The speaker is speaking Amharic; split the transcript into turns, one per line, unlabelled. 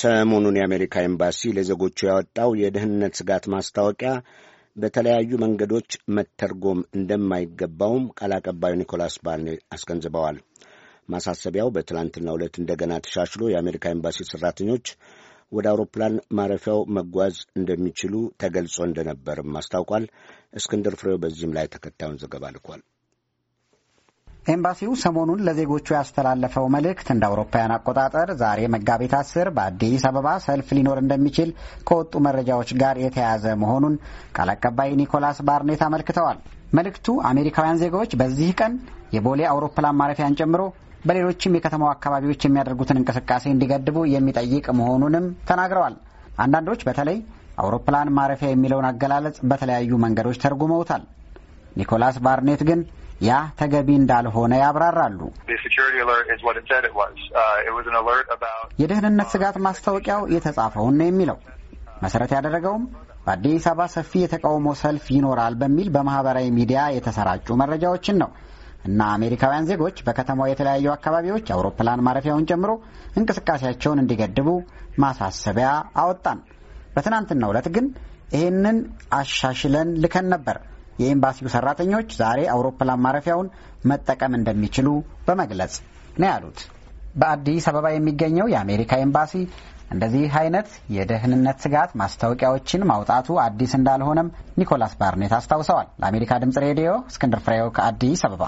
ሰሞኑን የአሜሪካ ኤምባሲ ለዜጎቹ ያወጣው የደህንነት ስጋት ማስታወቂያ በተለያዩ መንገዶች መተርጎም እንደማይገባውም ቃል አቀባዩ ኒኮላስ ባርኔ አስገንዝበዋል። ማሳሰቢያው በትላንትናው ዕለት እንደገና ተሻሽሎ የአሜሪካ ኤምባሲ ሠራተኞች ወደ አውሮፕላን ማረፊያው መጓዝ እንደሚችሉ ተገልጾ እንደነበርም አስታውቋል። እስክንድር ፍሬው በዚህም ላይ ተከታዩን ዘገባ ልኳል።
ኤምባሲው ሰሞኑን ለዜጎቹ ያስተላለፈው መልእክት እንደ አውሮፓውያን አቆጣጠር ዛሬ መጋቢት አስር በአዲስ አበባ ሰልፍ ሊኖር እንደሚችል ከወጡ መረጃዎች ጋር የተያያዘ መሆኑን ቃል አቀባይ ኒኮላስ ባርኔት አመልክተዋል። መልእክቱ አሜሪካውያን ዜጋዎች በዚህ ቀን የቦሌ አውሮፕላን ማረፊያን ጨምሮ በሌሎችም የከተማው አካባቢዎች የሚያደርጉትን እንቅስቃሴ እንዲገድቡ የሚጠይቅ መሆኑንም ተናግረዋል። አንዳንዶች በተለይ አውሮፕላን ማረፊያ የሚለውን አገላለጽ በተለያዩ መንገዶች ተርጉመውታል። ኒኮላስ ባርኔት ግን ያ ተገቢ እንዳልሆነ ያብራራሉ። uh, የደህንነት ስጋት ማስታወቂያው የተጻፈውን ነው የሚለው መሰረት ያደረገውም በአዲስ አበባ ሰፊ የተቃውሞ ሰልፍ ይኖራል በሚል በማህበራዊ ሚዲያ የተሰራጩ መረጃዎችን ነው እና አሜሪካውያን ዜጎች በከተማው የተለያዩ አካባቢዎች አውሮፕላን ማረፊያውን ጨምሮ እንቅስቃሴያቸውን እንዲገድቡ ማሳሰቢያ አወጣን። በትናንትናው ዕለት ግን ይህንን አሻሽለን ልከን ነበር። የኤምባሲው ሰራተኞች ዛሬ አውሮፕላን ማረፊያውን መጠቀም እንደሚችሉ በመግለጽ ነው ያሉት። በአዲስ አበባ የሚገኘው የአሜሪካ ኤምባሲ እንደዚህ አይነት የደህንነት ስጋት ማስታወቂያዎችን ማውጣቱ አዲስ እንዳልሆነም ኒኮላስ ባርኔት አስታውሰዋል። ለአሜሪካ ድምጽ ሬዲዮ እስክንድር ፍሬው ከአዲስ አበባ